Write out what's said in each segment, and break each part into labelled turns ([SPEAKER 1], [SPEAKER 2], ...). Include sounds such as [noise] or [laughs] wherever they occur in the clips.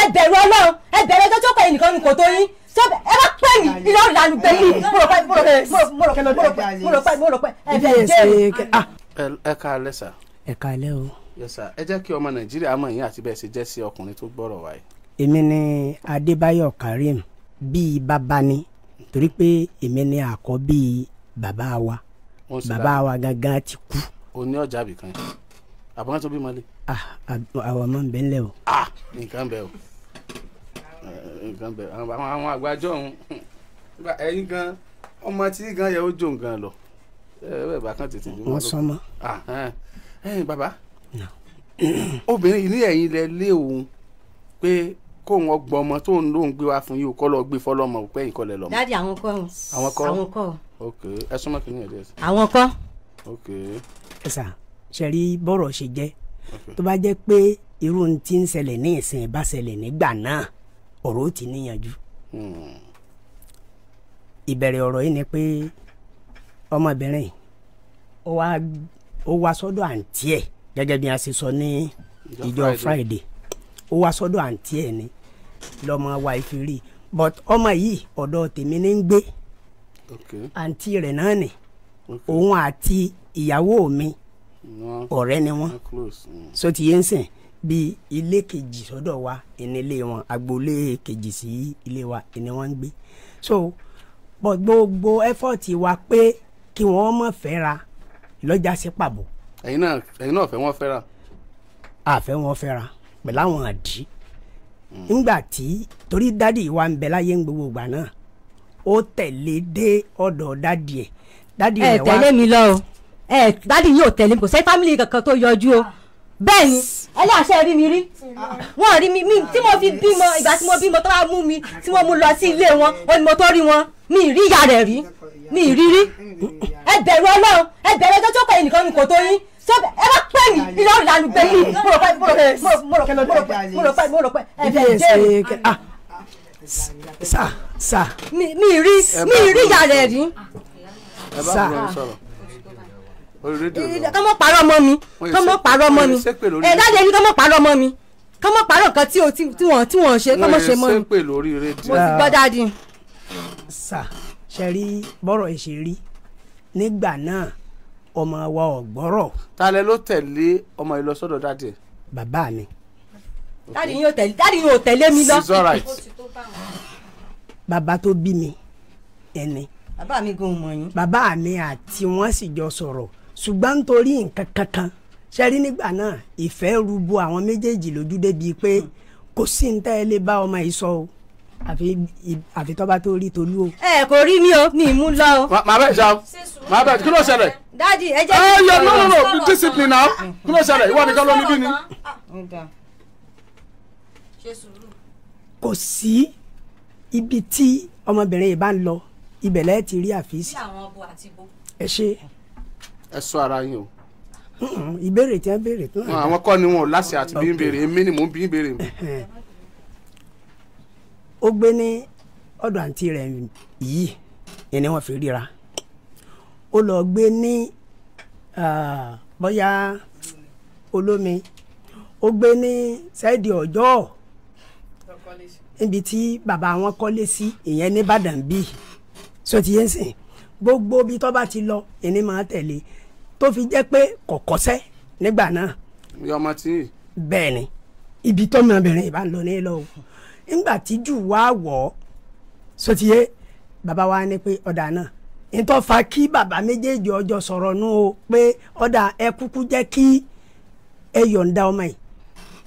[SPEAKER 1] ẹ bẹ̀rù ọlọ́run ẹ bẹ̀rù ẹjọ́ tó kọ́ ẹnìkan ní kò tó yín ẹ bá pẹ́ mi iná ìlànà gbẹ yìí mo rò pé mo rò pé mo rò pé mo rò pé mo rò pé ẹ bẹ̀rù jẹ́
[SPEAKER 2] ẹ ká alẹ́ sà. o. ẹ jẹ́ kí ọmọ nàìjíríà mọ̀ yín àti bẹ́ẹ̀ ṣe jẹ́ sí ọkùnrin tó gbọ́rọ̀ wáyé.
[SPEAKER 3] karim bíi bàbá ni torí pé èmi ni àkọ́bí bàbá wa bàbá wa gangan ti kú.
[SPEAKER 2] o ní ọjà bìkan àbọ̀n tó bí ma lé.
[SPEAKER 3] àwọn ọmọ nbẹ nlẹ o.
[SPEAKER 2] Ah, nǹkan bẹ o eh, nǹkan bẹ àwọn àwọn àgbájọ ọhún ẹyin gan ọmọ tí gan yẹ ó jó nǹkan lọ eh, ẹ bá kan tètè jó. wọn sọmọ. ẹyin ah, eh, bàbá obìnrin yìí ní ẹ̀yìn lẹ lé òun pé kó wọn gbọ́ ọmọ tó ń lóun gbé wá fún yìí kọ́ lọ gbé fọlọ́mọ pé ẹ̀yìn kọ́ lẹ lọ́mọ. dáàdi àwọn kọ́ àwọn kọ́ ok ẹ súnmọ́ kí ni ẹ̀ dẹ́. àwọn kọ́. ok. ẹ sà
[SPEAKER 3] ṣẹ̀rí bọ́rọ̀ ṣe jẹ́ tó bá jẹ́ pé irú ohun tí ń ṣẹlẹ̀ ní ìsìn bá ṣẹlẹ̀ nígbà náà ọ̀rọ̀ ó ti níyanjú. ìbẹ̀rẹ̀ ọ̀rọ̀ yìí ni pé ọmọbìnrin ó wá sọ́dọ̀ àǹtí ẹ̀ gẹ́gẹ́ bí a ṣe sọ ní ìjọ Friday ó wá sọ́dọ̀ àǹtí ẹ̀ ni lọ́mọ wa ife rí but ọmọ yìí ọ̀dọ̀ tèmi ní ń gbé àǹtí rẹ̀ náà ni òun àti ìyàwó mi. Okay
[SPEAKER 2] ọ̀rẹ́ ni wọ́n mm.
[SPEAKER 3] so ti yé ń sìn bí ilé kejì sọ́dọ̀ wa ẹni ilé wọn agboolé kejì sí ilé wa ẹni wọ́n ń gbé so gbogbo ẹ́fọ́ọ̀tì wa pé kí wọ́n mọ̀ fẹ́ra lọ́jà sí pàbó.
[SPEAKER 2] ẹ̀yin náà ẹ̀yin náà fẹ́ wọ́n fẹ́ra.
[SPEAKER 3] àfẹ́ wọn fẹ́ra pẹ̀lú àwọn àdí mm. ńgbà tí torí dádì wa ń bẹ láyé ń gbogbo ìgbà náà ó tẹ̀lé dé ọ̀dọ̀ dádì ẹ̀ dádì rẹ̀ wá ẹ̀ tẹ̀lé mi lọ ẹ dádì yóò tẹ̀lé mi kò sẹ́yìn fámìlì kankan tó yọjú o bẹ́ẹ̀ ni ẹlẹ́àṣẹ rí mi rí wọ́n rí mi mi tí mo
[SPEAKER 1] fi bímọ ìgbà tí mo bímọ tó bá mú mi tí mo mú lọ sí ilé wọn ó ní mo tó rí wọn mi rí ìyá rẹ̀ rí mi rí rí ẹ bẹ̀rù ọlọ́run ẹ bẹ̀rù ẹjọ́ tó kọ́ ẹnìkan mi kò tó yín sọbẹ ẹ bá pẹ yìí iná ìlànà gbẹ yìí mo rò pẹ mo rò pẹ mo rò pẹ mo rò pẹ mo rò pẹ ẹ
[SPEAKER 2] bẹ
[SPEAKER 3] jẹ sa sa mi eh, ah. rí mi rí ìyá rẹ̀ rí
[SPEAKER 2] sa. Eh, kọ́mọ parọ́ mọ́ mi kọ́mọ eh, parọ́ mọ́ mi ẹ̀ dáadé ni
[SPEAKER 1] kọ́mọ parọ́ mọ́ mi kọ́mọ parọ́ kan tí wọ́n tí
[SPEAKER 3] wọ́n ṣe kọ́mọ ṣe mọ́ mi
[SPEAKER 2] mo ti gbọ́ dáadé.
[SPEAKER 3] sà ṣe rí bọ́rọ̀ ìṣèrí nígbà náà ọmọ wa ọ̀gbọ́rọ̀. ta
[SPEAKER 2] lẹ ló tẹ̀lé ọmọ yìí lọ sọ́dọ̀ dáadé.
[SPEAKER 3] bàbá mi. dáadé yóò tẹ̀lé dáadé yóò tẹ̀lé mi lọ. bàbá tó bí mi ẹni. bàbá mi gan mọ̀ yín. bàbá mi àti wọ́n sì jọ sọ̀rọ̀ ṣùgbọ́n nítorí nǹkan kankan ṣẹ́rí nígbà náà ìfẹ́ rúbọ àwọn méjèèjì lójú débi pé hmm. kò sí ní tẹ́ ẹ lè bá ọmọ yìí sọ o àfi tọ́ba tó rí tolú o. ẹ kò rí mi o
[SPEAKER 2] mi mú lọ o. màá bẹ̀ ṣá màá bẹ̀ kí ló ṣẹlẹ̀.
[SPEAKER 1] dáàdi ẹ jẹ́ kí ló ṣẹlẹ̀. no no no
[SPEAKER 2] discipline now kí ló ṣẹlẹ̀ ìwọ nìkan ló ní bí ni.
[SPEAKER 3] kò sí ibi tí ọmọbìnrin yìí bá ń lọ ibẹ̀ lẹ́ẹ̀ ti rí àfíìsì.
[SPEAKER 2] ẹ ṣe ẹ sọ ara yín o.
[SPEAKER 3] [clears throat] ìbéèrè tí a béèrè tó. Ah, àwọn
[SPEAKER 2] kọ́ ni wọn ò láṣẹ àti bí n béèrè èmi ni mò ń bí n béèrè.
[SPEAKER 3] ó gbé ní ọ̀dọ̀ àǹtí rẹ̀ yìí ìní wọn fi ríra ó lọ gbé ní bóyá olómi ó gbé ní sáìdì ọjọ́ níbi tí bàbá wọn kọ́lé sí ìyẹn ní Ìbàdàn bíi sọ ti yẹn sìn gbogbo bí tó bá ti lọ ìní máa tẹ̀lé tó fi jẹ́ pé kò kọ́ṣẹ́ nígbà náà. yọmọ tí. bẹ́ẹ̀ ni ibi tọ́mọbìnrin ìbá ń lọ ní o nígbà tí jù wá wọ̀ ọ́ sotiye baba wa ní pé ọ̀dà náà ntọ́ fa kí baba méjèèjì ọjọ́ sọ̀rọ̀ nù o pé ọ̀dà ẹ kúkú jẹ́ kí ẹ yọ̀ǹda ọmọ yìí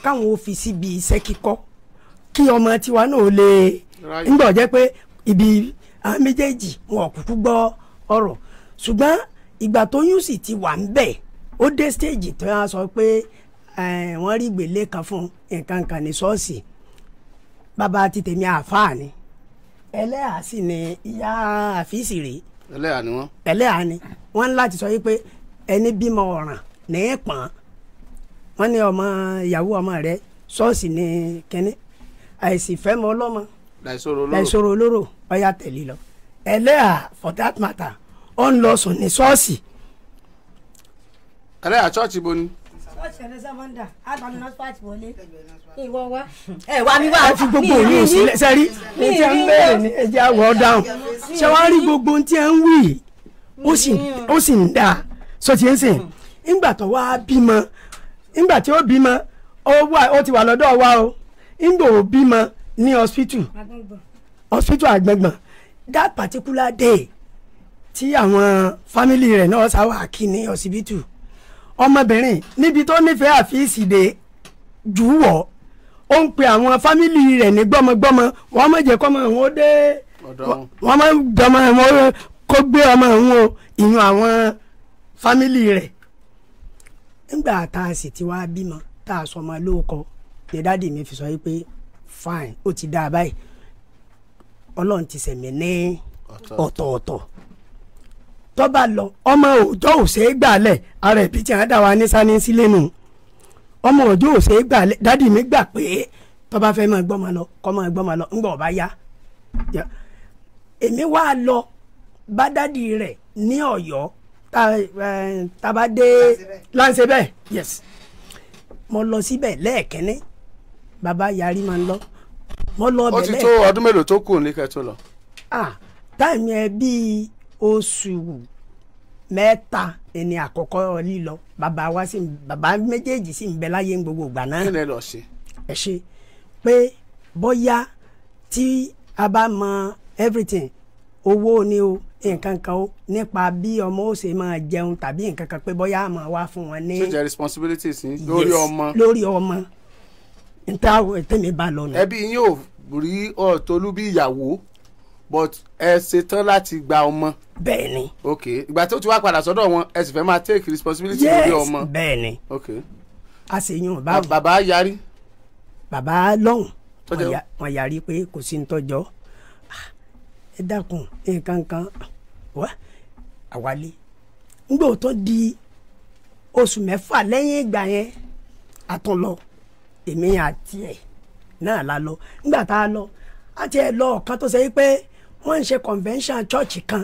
[SPEAKER 3] káwọn ò fi iṣẹ́ kíkọ́ kí ọmọ tiwa náà ibi àwọn méjèèjì wọn kúkú gbọ́ ọ̀rọ̀ ìgbà tó yún sì ti wà ń bẹ̀ ó dé stage tó yà sọ pé wọ́n rí gbèlé kan fún nǹkan kan ní ṣọ́ọ̀ṣì bàbá ti tèmi àáfàá ni ẹlẹ́yà sì ni ìyá àfíìsì rèé ẹlẹ́yà ni wọ́n. ẹlẹ́yà ni wọ́n ń láti sọ wípé ẹni bímọ ọ̀ràn ní í pọ̀n wọ́n ní ọmọ ìyàwó ọmọ rẹ ṣọ́ọ̀ṣì ní kínní àìsí fẹ́mọ ọlọ́mọ láìsòro olóró ọ̀yà tẹ̀lé lọ ẹlẹ́yà for that matter ó ní ṣọ́ọ̀ṣì. ẹ A chọọchị bụ sílẹ̀ sẹ́rí ní tí a ń bẹ̀rẹ̀
[SPEAKER 2] ní ẹja wọ̀ dáhùn ṣé wàá gbogbo
[SPEAKER 3] ohun tí a ń wì ń sìn ńgbà tó wá bímọ ńgbà tí ó bímọ ó ti wà wa o ńgbà ó bímọ ní hospital hospital that particular day tí àwọn fámìlì rẹ̀ náà sáwà kí ní ọsibítù ọmọbìnrin níbi tó nífẹ̀ẹ́ àfíìsì dé jù wọ̀ ó ń pe àwọn fámìlì rẹ̀ ní gbọ́mọgbọ́mọ wọ́n mọ̀ jẹ́ kọ́mọ wọn dé wọ́n mọ̀ jọmọ wọn kó gbé ọmọ wọn o ìyún àwọn fámìlì rẹ̀ nígbà tá a sì ti wá bímọ tá a sọmọ lóòkọ ni dáàdi mi fi sọ yìí pé fine ó ti dáa báyìí ọlọ́run ti sẹ̀mí ní ọ̀tọ̀ọ̀tọ̀. tó lọ ọmọ òòjọ́ ò gbàlẹ̀ ara ẹ̀bí tí a dá wa ní sani sílé ọmọ òòjọ́ ò gbàlẹ̀ dádì mi gbà pé tó bá fẹ́ máa gbọ́mọ lọ kọ́ máa gbọ́mọ lọ ńgbà ọba yá èmi wá lọ bá dádì yes mo lọ síbẹ̀ lẹ́ẹ̀kẹ́ni bàbá yarí lọ
[SPEAKER 2] mo lọ bẹ̀ lẹ́ẹ̀kẹ́ni. ó ti tó ọdún mélòó tó kù ní lọ.
[SPEAKER 3] oṣù mẹ́ta ẹni àkọ́kọ́ lílọ bàbá wa sì bàbá méjèèjì sì ń bẹ láyé ń gbogbo ìgbà náà. kí ni ẹ lọ ṣe. ẹ ṣe pé bóyá tí a bá mọ everything owó ni o nǹkan kan o nípa bí ọmọ ó ṣe máa jẹun tàbí nǹkan kan pé bóyá àmọ́ wá fún wọn ní. social
[SPEAKER 2] responsibilities ni lórí ọmọ. lórí
[SPEAKER 3] ọmọ nta tẹ̀mí bá lọ ẹbí
[SPEAKER 2] yín rí ọ̀tọ́lú bí ìyàwó but ẹ ṣetán láti gba ọmọ. bẹ́ẹ̀ni. ok ìgbà tó ti wá padà sọ́dọ̀ wọn ẹ sì fẹ́ máa take responsibility lórí ọmọ. yes bẹ́ẹ̀ni. ok.
[SPEAKER 3] a sì yan báwo. bàbá yarí. bàbá lọ́hùn wọ́n yarí pé kò sí ntọ́jọ́ ah, ẹ dákun nǹkan kan wá àwálé ngbọ́ tó di oṣù mẹ́fà lẹ́yìn ìgbà yẹn àtúnlọ èmi àti ẹ̀ náà la lọ nígbà tá a lọ àti ẹ̀ lọ ọ̀kan tó ṣe yí pé wọ́n ń ṣe convention church kan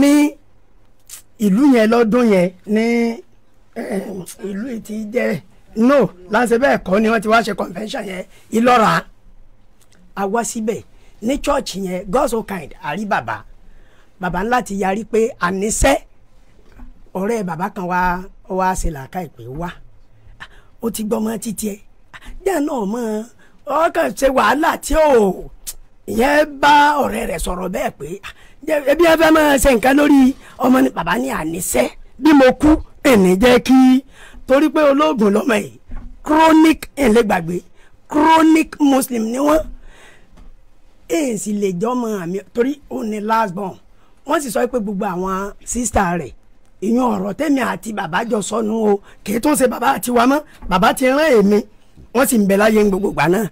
[SPEAKER 3] ní ìlú yẹn lọ́dún yẹn ní ehm, ìlú ti jẹ́ no láti bẹ́ẹ̀ kọ́ ni wọ́n ti wá ṣe convention yẹn ìlọ́ra a wá síbẹ̀ ní church yẹn God's own kind àrí bàbá bàbá ńlá ti yarí pé àníṣe ọ̀rẹ́ bàbá kan wá wá ṣe làákàyè pé wá ó ti gbọ́ mọ́ títí ẹ̀ díẹ̀ náà mọ́ ọ kàn ṣe wàhálà tí ò ìyẹn bá ọ̀rẹ́ rẹ̀ sọ̀rọ̀ bẹ́ẹ̀ pé ah, ẹbí ẹ fẹ́ máa ṣe nǹkan lórí ọmọ ní bàbá ní àníṣẹ́ bí mo kú ẹ̀ní jẹ́ kí torí pé olóògùn lọ́mọ yìí chronic ẹ̀lẹ́gbàgbé chronic muslim ni wọ́n èyí sì lè jọmọ àmì torí òun ni last born wọ́n sì sọ pé gbogbo àwọn sísítà rẹ̀ ìyún ọ̀rọ̀ tẹ́mi àti bàbá jọ sọnù o kì í tún ṣe bàbá àti wa mọ́ bàbá ti rán èmi wọ́n sì ń bẹ láyé gbogbo gbà náà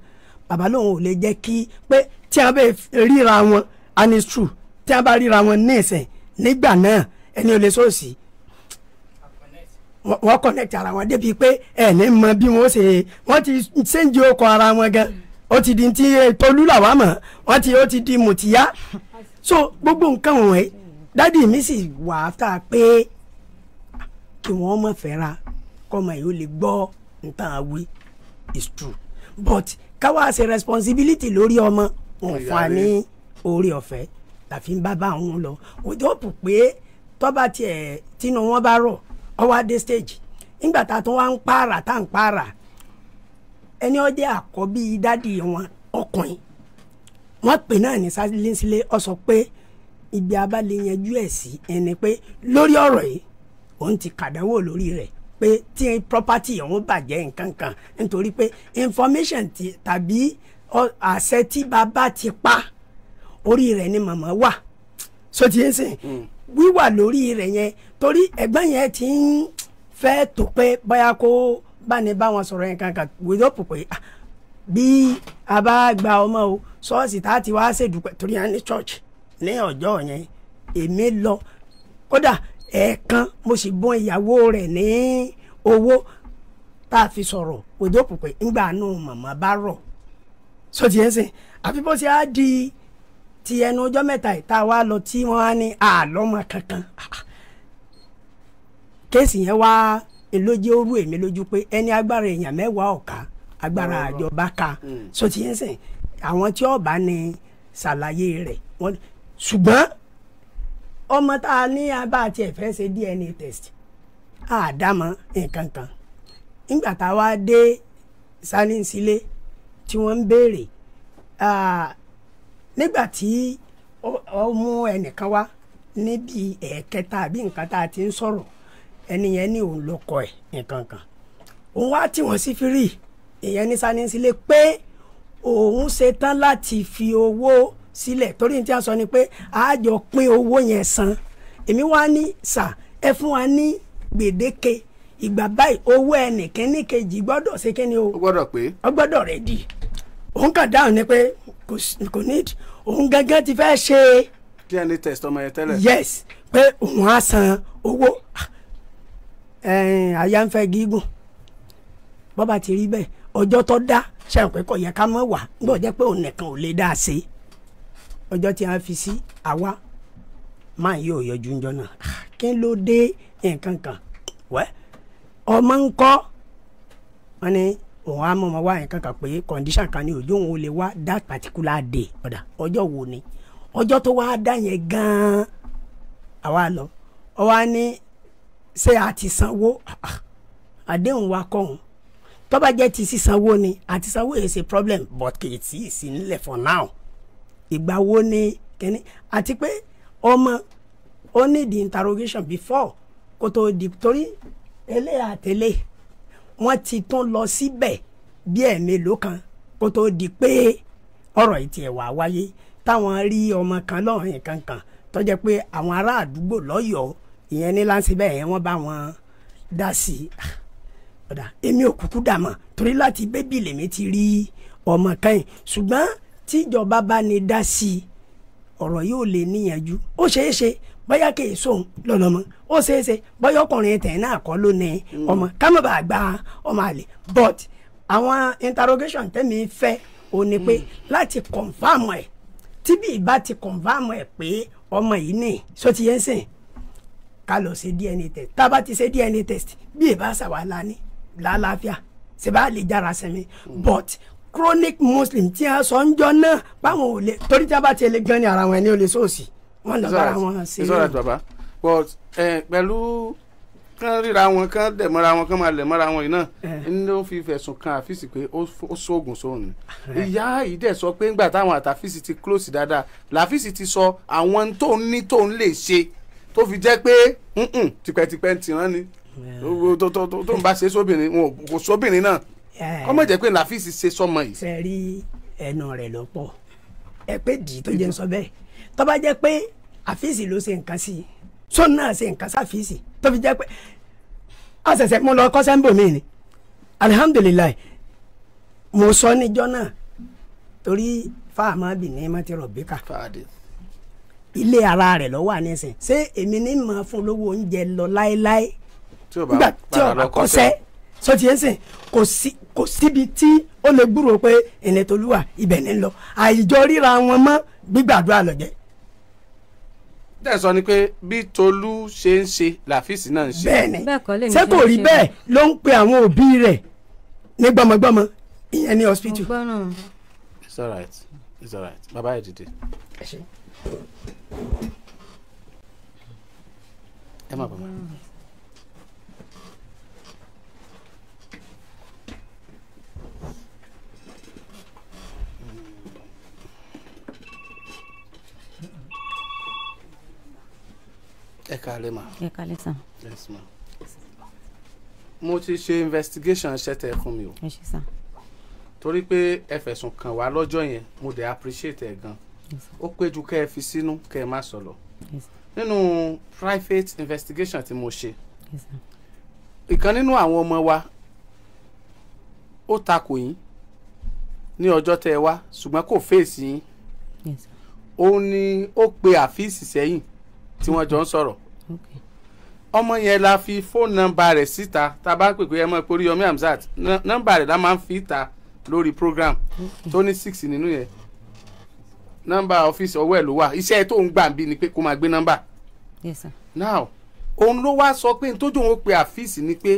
[SPEAKER 3] bàbá lòun ò lè jẹ́ kí pé tí a bẹ ríra wọn and it's true tí a bá ríra wọn ní ìsìn nígbà náà ẹni ò lè sóòsì wọ́n connect ara wọn débi pé ẹni mọ bí wọ́n ṣe wọ́n ti ṣéǹjì okọ̀ ara wọn gan ó ti di ti tolú làwa mọ̀ wọ́n ti ó ti di mùtíyá so gbogbo nǹkan wọ̀nyí dádì mi sì wà áfà pé kí wọ́n mọ̀ fẹ́ra kọ́mọ yìí ó lè gbọ́ nǹkan àwí is true but káwa ṣe responsibility lórí ọmọ wọn fún wa ní orí ọ̀fẹ́ tàfi ń bá bá òun lọ kò tó pù pé tọ́ba tiẹ̀ tínú wọn bá rọ̀ ọwọ́ adé stage nígbà tá a tún wá ń pààrà tá à ń pààrà ẹni ó jẹ́ àkọ́bí dádì wọn ọkùnrin wọ́n pè náà ní sálẹ́ńsílẹ́ ọ sọ pé ibi abálẹ̀ yanjú ẹ̀ sí ẹni pé lórí ọ̀rọ̀ yìí òun ti kàdánwò lórí rẹ̀ pé tí property òun bàjẹ́ nǹkan kan nítorí pé information ti tàbí àṣẹ tí bàbá ti pa orí rẹ̀ ni màmá wà so ti ń sìn hmm. wíwà lórí rẹ̀ yẹn torí ẹ̀gbọ́n yẹn ti ń fẹ́ tó pé báyà kó bá ní bá wọn sọ̀rọ̀ yẹn kankan wíwọ́ pò pé ah, bí a bá gba ọmọ o ṣọ́ọ̀ṣì tá a ti wá ṣèdúpẹ́ torí a ní church ní ọjọ́ yẹn èmi lọ kódà ẹ̀ẹ̀kan mo sì bọ́n ìyàwó rẹ̀ ní owó tá a fi sọ̀rọ̀ wíwọ́ pò pé ńgbà nù màmá bá rọ̀ sọtì ẹ sìn àfi á di ti ẹnu ọjọ́ mẹ́ta ìta wa lọ tí wọ́n á ní àlọ́mọ kankan kéèsì yẹn wá elójú òru èmi lójú pé ẹni agbára èèyàn mẹ́wàá ọ̀ka agbára àjọba ka sọtì ẹ sìn àwọn tí ọba ni ṣàlàyé rẹ̀ wọ́n ṣùgbọ́n ọmọ tá a ní abá àti ẹ̀fẹ́ ṣe DNA test àdámọ́ nǹkan kan nígbà tá a wá dé sanin Si tí wọ́n ń béèrè nígbà tí ó mú ẹnìkan wá níbi ẹ̀ẹ̀kẹta àbí nǹkan tá a ti ń sọ̀rọ̀ ẹni yẹn ní òun ló kọ ẹ̀ nǹkan kan òun wá tí wọ́n sí fírì ìyẹn ní sani sílé pé òun ṣetán láti fi owó sílẹ̀ torí ní tí a sọ ni pé a pín owó yẹn san èmi wá ní sà ẹ fún wa ní gbèdéke ìgbà báyìí owó ẹnìkíní kejì gbọ́dọ̀ ṣe kíni o. ó gbọ́dọ̀ pé. ó gbọ́dọ̀ rẹ̀ di òun kàn dáhùn ni pé kò nídìí òun gángan ti fẹ́ ṣe.
[SPEAKER 2] dna test ọmọ yẹn tẹ́lẹ̀. yes
[SPEAKER 3] pé òun á san owó àyà ń fẹ́ gígùn bọ́ba ti rí bẹ́ẹ̀ ọjọ́ tó dá ṣe pé kò yẹ ká mọ̀ wá gbọ́dọ̀ jẹ́ pé òun nìkan ò lè dá a ṣe ọjọ́ tí a fi sí àwa máa yóò yọjú ńjọ náà ah, kí ló dé nǹkan kan wẹ́ẹ́ ọmọ ń kọ́ wọn ni òun á mọ ọmọ wá yẹn kankan pé condition kan ni òjò òun lè wá that particular day ọ̀dà ọjọ́ wo ni ọjọ́ tó wá dá yẹn gan-an àwa lọ ọwọ́ á ṣé a ti sanwó ah, ah. àdéhùn wa kọ̀hún tó bá jẹ́ ti sísanwó ni àti sanwó yẹn ṣe problem but kì í tí ì nílẹ̀ for now ìgbà wo ni kíní àti pé ọmọ ó ní di interrogation before kó tó di torí elé àtẹlé wọ́n ti tún lọ síbẹ̀ bí ẹ̀ẹ̀mélòó kan kó tó di pé ọ̀rọ̀ ìtì ẹ̀wà wáyé táwọn rí ọmọ kan lọ́hìn kankan tó jẹ́ pé àwọn ará àdúgbò lọ́yọ̀ọ́ ìyẹn ní láǹsí bẹ́ẹ̀ yẹn wọ́n bá wọn dá sí i ah, ọ̀dà èmi ò kúkú dà mọ̀ torí láti bébí lèmi ti rí ọmọ kan yìí ṣùgbọ́n tíjọba bá ní dá sí i ọ̀rọ̀ yóò lè níyànjú ó ṣeé bóyá kì í sóhun lọ́nà ọmọ ó ṣeé ṣe bóyá ọkùnrin tẹ̀ náà kọ́ ló ní ọmọ kámọ́bà gba ọmọ àlè but àwọn interrogation tẹ́mi fẹ́ o ní pé hmm. láti confam ẹ̀ tí bí ìbá ti confam ẹ̀ pé ọmọ yìí ní sotiyensin ká lọ ṣe DNA test tá a bá ti ṣe DNA test bí ìbá ṣàwálà ní làálàáfíà ṣe lè jára sẹ́mi hmm. but chronic muslim tí a sọ ń jọ náà báwọn ò lè torí tí a bá ti lè gan ni ara wọn ẹni ò lè sóòsì. So wọ́n lọ bára wọn hàn sí i. ìsọ̀rọ̀
[SPEAKER 2] bàbá but pẹ̀lú kán ríra wọn kán dẹ̀ mọ́ra wọn kán máa lẹ̀ mọ́ra wọn yìí náà eh. ní ó fi fẹ̀sùn kan àfíìsì pé ó sóògùn sóòrùn ni eh. ìyá yìí dẹ̀ sọ pé ńgbà táwọn àtàfíìsì ti close dáadáa làfíìsì ti sọ àwọn tó ń ní tó ń lè ṣe tó fi jẹ́ pé tipẹ́tipẹ́ ń tìrán ni eh. tó ń bá ṣe sóbìnrin wọn kò sóbìnrin náà kọ́ mọ̀ jẹ́ pé làfíìsì ṣe sọmọ yìí. sẹ́ẹ̀rí ẹnu
[SPEAKER 3] rẹ̀ lọ́pọ̀ ẹ pé dì í tó jẹ́ sọ bẹ́ẹ̀ tó bá jẹ́ pé àfíìsì ló ṣe nǹkan sí i sóun náà ṣe nǹkan sáfíìsì tó fi jẹ́ pé àṣẹ̀ṣẹ̀ mo lọ kọ́sẹ́ ń bò mí ni alihamudulilayi mo sọ níjọ́ náà torí fáàmà bìnní mọ́tì rọ̀bíkà ilé ara rẹ̀ ló wà nísìn ṣé èmi ní mọ̀ fún lówó oúnjẹ lọ láéláé nígbà tí ó bá kọ́sẹ́ sọtí ẹ̀ ń sìn kò síbi tí ó lè gbúròó pé ìnẹ̀tọ́lúwà ibẹ̀ ní lọ àìjọ ríra wọn mọ́ gbígbàdúrà lọ́jẹ́
[SPEAKER 2] dẹ́ ni pé bí Tolú ṣe ń ṣe làfíìsì náà ń ṣe. bẹ́ẹ̀ni ṣé kò rí bẹ́ẹ̀
[SPEAKER 3] ló ń pe àwọn òbí rẹ̀ ní gbọmọgbọmọ ìyẹn ní hospital.
[SPEAKER 2] it's alright it's alright bàbá ẹ dìde. ẹ má bàbá. ẹ káalẹ́ ma. ẹ káalẹ́ sàn. yes ma. mo ti ṣe investigation ṣẹ́tẹ̀ fún mi o. ẹ ṣe sàn. torí pé ẹ fẹ̀sùn kàn wá lọ́jọ́ yẹn mo dẹ̀ appreciate ẹ gan. ó pé ju kẹ́ ẹ fi sínú kẹ́ ẹ má sọ lọ. nínú private investigation tí mo ṣe. ìkan nínú àwọn ọmọ wa ó takò yín ní ọjọ́ tẹ́ ẹ wá ṣùgbọ́n kò fèsì yín ó ní ó pe àfíìsì sẹ́yìn tí wọ́n jọ ń sọ̀rọ̀ ọmọ yẹn la fi fóònù nọ́mbà rẹ̀ síta tá a bá pè pé ẹ mọ̀ pé Oríyọmí Hamzat nọ́mbà rẹ̀ la máa ń fi ta lórí program tó ní six nínú yẹn nọ́mbà ọ́fíìsì ọwọ́ ẹ̀ ló wà iṣẹ́ tó ń gbà bí ni pé kó máa gbé nọ́mbà. yes sir. now òun ló wá sọ pé nítorí òun pe àfíìsì ni pé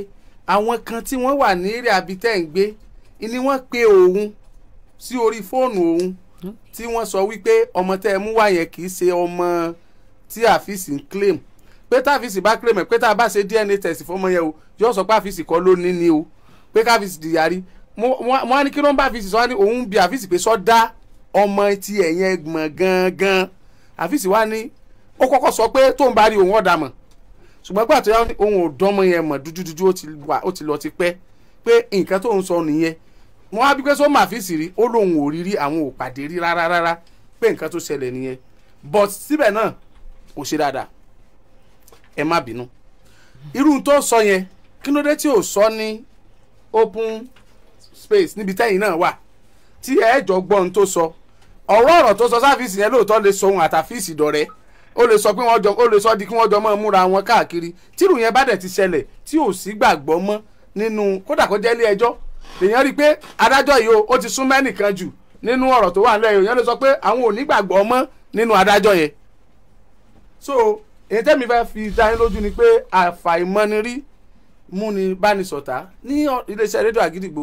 [SPEAKER 2] àwọn kan tí wọ́n wà ní eré abitẹ́ ń gbé ni wọ́n pe òun sí orí fóònù òun tí wọ́n sọ wípé ọmọ tẹ́ ẹ mú wá yẹn kì í ṣe ọmọ tí àfíìsì ń claim pé tá àfíìsì bá claim pé tá a bá ṣe DNA test fọmọ yẹn o yóò sọ pé àfíìsì kọ́ ló ní ni o pé káfíìsì dìyàrí wọ́n á ní kí ló ń bá àfíìsì sọ wá ní òun bí àfíìsì pé sọ dá ọmọ ti ẹ̀yẹn gbọ̀n gangan àfíìsì wá ní ó kọ́kọ́ sọ pé tóun bá rí òun ọ̀dà mọ̀ ṣùgbọ́n gbà tó yá òun ò dánmọ yẹn mọ̀ dúdúdúdú ó ti lọ ti pẹ́ pé nǹkan tóun sọ nìyẹn wọ́n á bí pé sọ máa fi sì rí ó lóun ò rí àwọn ò pàdé rí rárá rárá pé nǹkan tó ṣẹlẹ̀ nìyẹn but síbẹ̀ náà kò ṣe dáadáa ẹ má bínú irú tó sọ yẹn kí ló dé tí ò sọ ní open space níbi tẹ́yìn náà wà tí ẹ jọ gbọ́ ohun tó sọ ọ̀rọ̀ ọ̀rọ̀ tó sọ sáfíìsì yẹn lóòótọ́ lè sọ ohun àtàfíìsì dọ̀rẹ́ ó lè sọ pé wọ́n jọ ó lè sọ di kí wọ́n jọ mọ́ múra wọn káàkiri tírù yẹn bá dẹ̀ ti ṣẹlẹ̀ tí ò sí gbàgbọ́ mọ́ nínú kódà kó jẹ́ ilé ẹjọ́ èèyàn rí i pé adájọ́ yìí ó ti sún mẹ́nìkan jù nínú ọ̀rọ̀ tó wà nílẹ̀ èèyàn lè sọ pé àwọn ò ní gbàgbọ́ mọ́ nínú adájọ́ yẹn so èyí tẹ́mi fẹ́ fi dáyín lójú ni pé àfàìmọ́nirí múni bánisọ̀tá ní iléeṣẹ́ rédíò àgídìgbò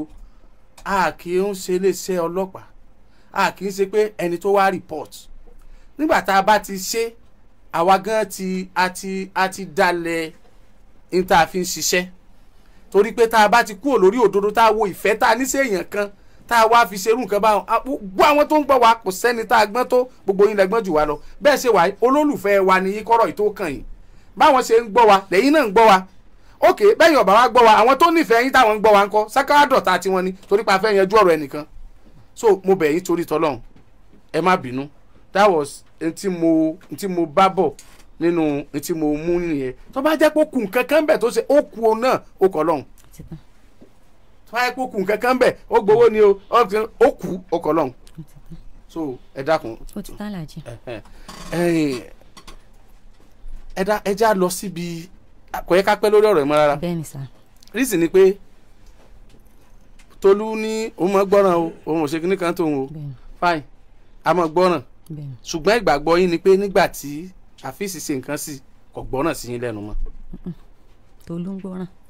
[SPEAKER 2] a kì í ń ṣe iléeṣẹ́ ọlọ́pàá a kì í ṣe pé ẹni tó wá report nígbà tá a bá ti ṣe àwa gan ti a ti a ti dalẹ̀ ní fi ń ṣiṣẹ́ torí pé tá a bá ti kúrò lórí òdodo tá a wo ìfẹ́ tá a ní sí èèyàn kan tá a wá fi ṣerú nǹkan báwọn gbọ́ àwọn tó ń gbọ́ wa kò sẹ́ni tá a gbọ́n tó gbogbo yín lẹ́gbọ́n jù wá lọ bẹ́ẹ̀ ṣe wà olólùfẹ́ wa ni yín kọ́rọ̀ ìtó kàn yín báwọn ṣe ń gbọ́ wa lẹ́yìn náà ń gbọ́ wa ok bẹ́yìn ọ̀bà wa gbọ́ wa àwọn tó nífẹ̀ẹ́ yín táwọn ń gbọ́ wa ń kọ́ sákàdọ̀ta tiwọn ni torí pa fẹ́ yanjú ọ̀rọ̀ ẹnìkan so mo bẹ̀ yín torí tọ́lọ́run ẹ that was ntí mo ntí mo bá bọ̀ nínú ntí mo mú nìyẹn tó bá jẹ́ pé ó kù nǹkan kan bẹ̀ fáyẹ kó kù kankan ni o kù ó kọ so ẹ dákun.
[SPEAKER 1] o ti tán làjẹ.
[SPEAKER 2] ẹ dá ẹ já síbi kò yẹ ká pẹ́ lórí rárá. ni pé o fine a máa ṣùgbọ́n ìgbàgbọ́ yín ni pé nígbà tí àfíìsì ṣe nǹkan sí kò sí yín lẹ́nu mọ́.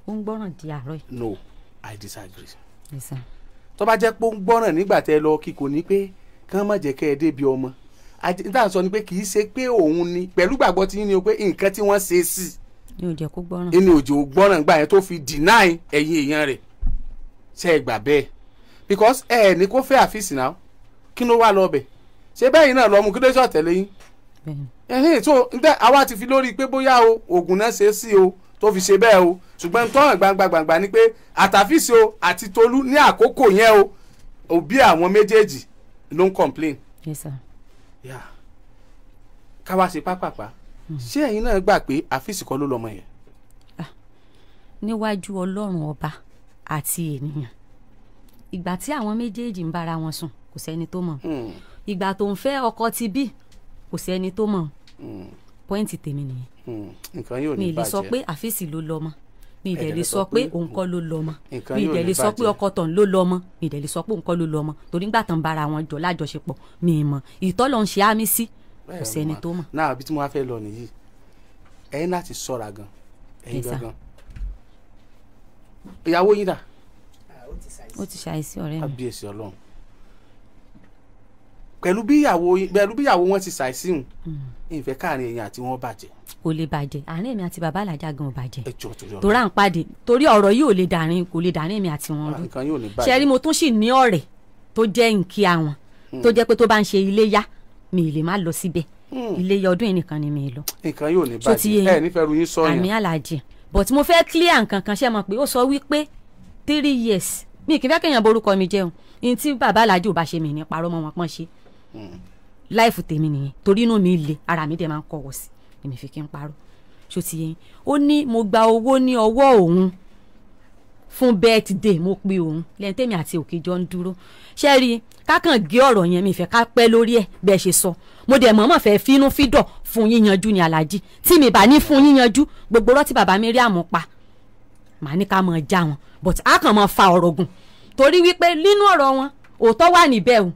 [SPEAKER 1] ń ó ń di àárọ̀ yìí.
[SPEAKER 2] no I disagree. Yes, sir. tó bá jẹ́ pé ó ń gbọ́ràn nígbà tẹ́ lọ kíkò ní pé kí wọ́n má jẹ́ kẹ́ ẹ débi ọmọ níta sọ ni pé kì í ṣe pé òun ni pẹ̀lú gbàgbọ́ tí yín ni o pé nǹkan tí wọ́n ṣe sí
[SPEAKER 1] i
[SPEAKER 2] inú òjò gbọ́ràn gbà yẹn tó fi deny ẹ̀yin èèyàn rẹ̀ ṣe é gbà bẹ́ẹ̀ because ẹ ẹ̀ ní kó fẹ́ àfíìsì náà kí ló wà lọ́bẹ̀ ṣé bẹ́ẹ̀ náà lọ́mú kí ló ṣọ̀ tẹ̀lé yín ẹ̀hìn tó àwa ti fi lórí pé bóyá o oògùn náà ṣe sí o tó fi ṣe bẹ́ẹ̀ o ṣùgbọ́n tó hàn gbangba gbangba ni pé àtàfíìsì o àti tolú ní àkókò yẹn o òbí àwọn méjèèjì ló ń complain. yes sir. yeah káwa ṣe pápápá hmm. ṣé ẹ̀yin náà gbà pé àfíìsì kọ́ ló lọ́mọ yẹn. Ah,
[SPEAKER 1] níwájú ọlọ́run ọba àti ènìyàn ìgbà tí àwọn méjèèjì ń bára wọn sùn kò sẹ́ni tó mọ̀ hmm. ìgbà tó ń fẹ́ ọkọ ti bí kò sẹ́ni tó mọ̀ hmm. pọ́ìntì tèmi nìyẹn nǹkan yóò lè sọ pé àfíìsì ló lọ́mọ mi ìdẹ̀ lè sọ pé òun kọ́ ló lọ ọmọ mi ìdẹ̀ lè sọ pé ọkọ tọ̀hún ló lọ ọmọ mi ìdẹ̀ lè sọ pé òun kọ́ ló lọ ọmọ torí nígbà tán bára wọn jọ lájọṣepọ̀ mi mọ̀ ìtọ́lọ̀ ń ṣe á mi sí
[SPEAKER 2] kò sẹ́ni tó mọ̀. náà àbí tí mo wá fẹ́ lọ nìyí ẹ̀yin láti ṣọ́ra gan ẹ̀yin gangan ìyàwó yín dà. Ah, ó ti ṣàìsí ọ̀rẹ́ mi. àbí pẹ̀lú bíyàwó pẹ̀lú bíyàwó wọn ti ṣàìsí hùn hmm. ìfẹ́ káàrin èèyàn àti wọn bàjẹ́.
[SPEAKER 1] kò lè bàjẹ́ àárín èmi àti bàbá alájà gan ò bàjẹ́ torí à ń pàdé torí ọ̀rọ̀ yìí ò lè dàrin kò lè dàrin èmi àti wọn rú ah, ṣẹ́rí mo tún sì ní ọ̀rẹ́ tó jẹ́ nkí àwọn tó hmm. jẹ́ pé tó bá ń ṣe iléyá mi lè má lọ síbẹ̀ hmm. iléyá ọdún yìí nìkan ni mi lọ.
[SPEAKER 2] nǹkan yóò ní bàjẹ́ ẹ nífẹ̀ẹ́ ru àmì
[SPEAKER 1] alájẹ but mo fẹ́ clear nǹkan kan ṣe mọ̀ pé ó sọ wípé three years mi kì í fẹ́ kéèyàn borúkọ mi jẹun ní tí bàbá alájẹ ò bá ṣe mí ní parọ́ mọ́ wọn pọ́n ṣe láìfù tèmi nìyẹn torí inú mi le ara mi dẹ̀ máa ń kọ̀wọ̀ sí èmi fi kí n parọ́ ṣó ti yẹn ó ní mo gba owó ní ọwọ́ òun fún birthday mo pe òun lẹ́yìn tèmi àti òkè jọ ń dúró ṣe kákan gé ọ̀rọ̀ yẹn mi fẹ́ ká pẹ́ lórí ẹ̀ bẹ́ẹ̀ ṣe sọ mo dẹ̀ mọ̀ọ́mọ̀ fẹ́ fínú fídọ̀ fún yíyanjú ni alájí tí mi bá ní fún yíyanjú gbogbo rọ́ọ̀tì bàbá mi rí àmọ́ pa màá ní ká mọ̀ já wọn but a kàn mọ̀ fa ọ̀rọ̀ gùn torí wípé nínú ọ̀rọ̀ wọn òótọ́ wà níbẹ̀ o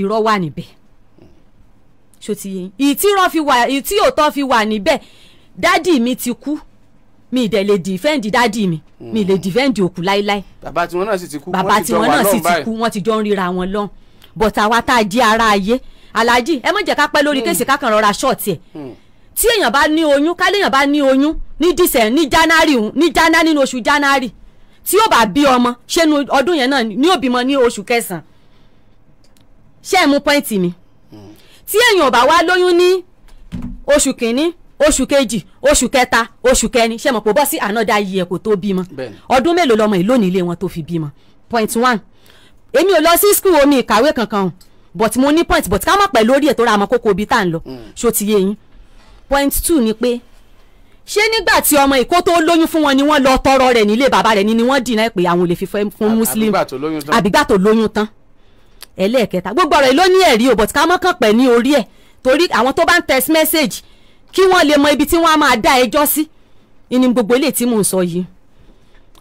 [SPEAKER 1] irọ́ wà níbẹ̀ ṣó ti yẹn ìtí irọ́ fi wà ìtí òótọ́ fi wà níbẹ̀ dádì mi ti kú mi ìdẹ̀ lè dìfẹ́ǹdì dádì mi mi lè dìfẹ́ǹdì òkú
[SPEAKER 2] láíláí. bàbá tiwọn náà sì ti kú bàbá tiwọn náà sì ti kú
[SPEAKER 1] wọ́n ti jọ ń ríra wọn lọ́n bọ̀tà wa tá a jẹ́ ara ayé aláàjì ẹ má jẹ́ ká pẹ́ lórí hmm. kéèsì kákan rọra ṣọ́ọ̀tì ẹ̀ hmm. tí èèyàn bá ní oyún ká léèyàn bá ní oyún ní dísẹ̀ ní january ní january nínú oṣù january tí ó bá bí ọmọ ṣé ọdún yẹn náà ní òbímọ ní oṣù kẹsàn-án ṣé ẹ mú pọ́ìntì mi tí èèyàn ò bá wá lóyún ní oṣù kìíní oṣù kejì oṣù kẹta oṣù kẹni ṣé mo pò bọ́ sí ànádà yìí ẹ̀ kò tó bímọ ọdún mélòó lọmọ yìí lónìí ilé wọn tó fi bímọ point one èmi ò lọ sí skul omi ìkàwé kankan o but mo ní point but ká mọ̀ pẹ̀ lórí ètò ra àmọ́ kókó ibi tá à ń lọ hmm. ṣó ti yé yín point two ni pé ṣé nígbà tí ọmọ ìkó tó lóyún fún wọn ni wọ́n lọ tọrọ rẹ̀ nílé bàbá rẹ̀ ni ni wọ́n dìnnà pé àwọn ò lè fi fún muslim àbígbà tó lóyún tán ẹlẹ́ẹ̀kẹta gbogbo ọ̀rọ̀ yìí ló ní ẹ̀rí o but ká mọ́ kàn pẹ̀ ní orí ẹ̀ torí àwọn tó bá ń text message kí wọ́n lè mọ ibi tí wọ́n á máa dá ẹjọ́ sí ìní gbogbo eléyìí tí mò ń sọ yìí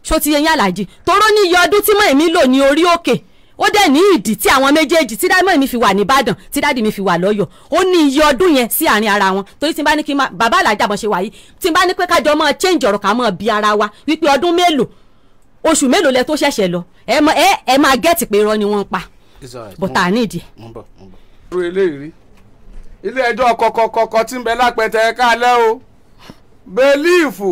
[SPEAKER 1] ṣó ti yẹn aláàjì toró ní iye ọdún tí mọ̀ẹ́mí lò ní orí òkè ó dẹ̀ ní ìdí tí àwọn méjèèjì tí dáàmọ́ mi fi wà nìbàdàn tí dáàdì mi fi wà lọ́yọ̀ ó ní iye ọdún yẹn sí àárín ara wọn torí tí n bá ní kí bàbá àlàjà bọ̀ ṣe wà yìí tí n bá ní pé kájọ máa change ọ̀rọ̀ ká máa bi ara wa wípé ọdún mélòó oṣù mélòó lẹ tó ṣẹ̀ṣẹ̀ lọ ẹ máa gẹ́ẹ̀tì pé irọ́ ni wọ́n pa. bọ̀tà nídìí.
[SPEAKER 2] irú eléyìí ilé ẹjọ́ kọ̀kọ̀kọ̀kọ̀ tí ń bẹ lápẹ̀tẹ̀ o bẹ́líìfù